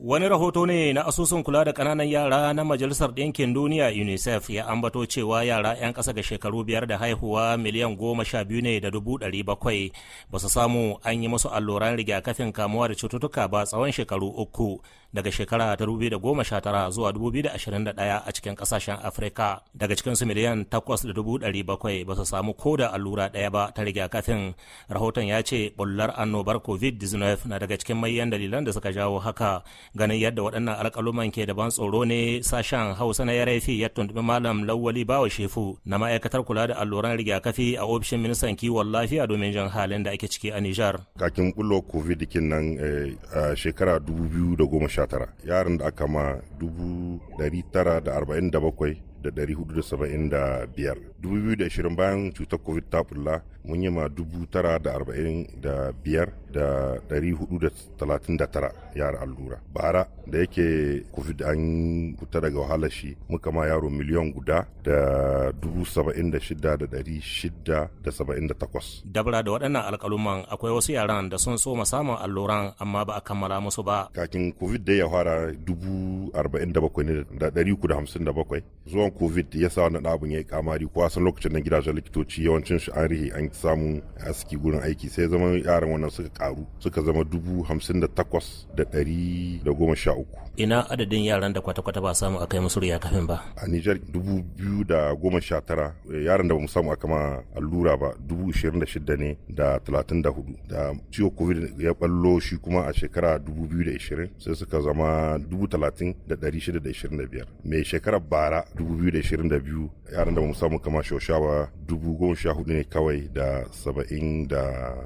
Wani rahoto ne na asusun kula da ƙananan yara na Majalisar Ɗinkin Duniya UNICEF ya ambato cewa yara 'yan ƙasa ga shekaru biyar da haihuwa miliyan goma sha biyu ne da dubu ɗari bakwai ba su samu an yi musu alluran rigakafin kamuwa da cututtuka ba tsawon shekaru uku daga shekara ta dubu da goma sha tara zuwa dubu da ashirin da ɗaya a cikin ƙasashen Afirka. Daga cikin su miliyan takwas da dubu ɗari bakwai ba su samu ko da allura ɗaya ba ta rigakafin. Rahoton ya ce bullar annobar COVID-19 na daga cikin manyan dalilan da suka jawo haka. ganin yadda waɗannan alƙaluman ke da ban tsoro ne sashen hausa na fi ya tuntuɓi malam lawali bawa shefu na ma'aikatar kula da alluran rigakafi a ofishin ministan kiwon lafiya domin jan halin da ake ciki a nijar kakin bullo covid kin nan eh, a shekara 2019 yaran da aka ma 947 da hudu da da biyar dubu biyu da ashirin bayan cutar covid ta bulla mun yi ma dubu tara da arba'in da tara yara allura bara da yake covid an kuta daga wahalar shi muka ma yaro miliyan guda da 76,678 dabra da waɗannan alƙaluman akwai wasu yaran da sun so samun alluran amma ba a kammala musu ba kakin covid da ya fara dubu arba'in da da da bakwai ne hamsin bakwai zuwa annoban covid ya sa wannan abin ya yi kamari ko san lokacin da gidajen likitoci yawancin shi an rihe an samu aski gurin aiki sai zama yaran wannan suka karu suka zama dubu hamsin da takwas da ɗari da goma sha uku. ina adadin yaran da kwata-kwata ba samu akai musu kafin ba. a nijar dubu biyu da goma sha tara eh, yaran da ba mu samu akama allura ba dubu ishirin da shida ne da talatin da hudu da ciwo covid ya ballo shi kuma a shekara dubu biyu da ishirin sai suka zama dubu talatin da ɗari shida da ishirin da biyar mai shekarar bara dubu 2022 yaran da ba mu samu kama shosha dubu ne kawai da saba'in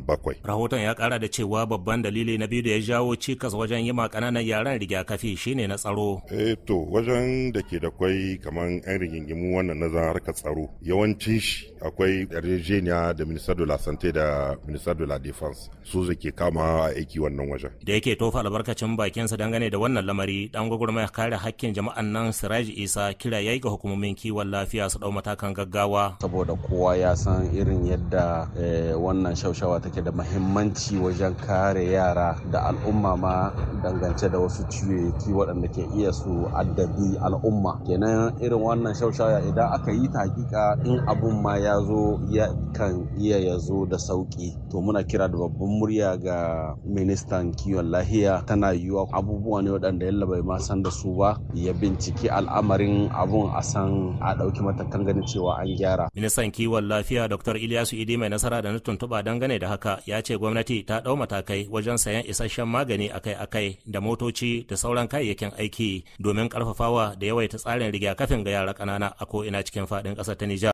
bakwai. Rahoton ya kara da cewa babban dalili na biyu da ya jawo cikas wajen yi ma ƙananan yaran rigakafi shine na tsaro. Eh to wajen da ke da kwai kamar 'yan rigingimu wannan na zan harkar tsaro yawancin shi akwai yarjejeniya da ministar de la santé da ministar de la defense su ke kama aiki wannan wajen. Da yake tofa albarkacin bakinsa dangane da wannan lamari dan gwagwarmaya kare hakkin jama'an nan Siraj Isa kira yayi ga hukumomin kiwon lafiya su dau matakan gaggawa. Saboda kowa ya san irin yadda eh, wannan shaushawa take da mahimmanci wajen kare yara da al'umma ma dangance da wasu ciwoki waɗanda ke iya su addabi al'umma kenan irin wannan shaushawa idan aka yi ta hakika in abun ma ya zo kan iya ya zo da sauki to muna kira da babban murya ga ministan kiwon lahiya tana yiwuwa abubuwa ne waɗanda yalla bai ma san da su ba ya binciki al'amarin abun a san a ɗauki matakan ganin cewa an gyara ministan kiwon lafiya dr ilyasu idi mai nasara da na tuntuɓa dangane da haka ya ce gwamnati ta ɗau matakai wajen sayan isasshen magani akai-akai da motoci da sauran kayayyakin aiki domin ƙarfafawa da yawaita tsarin rigakafin ga yara ƙanana a ko'ina cikin faɗin ƙasar ta Nijar.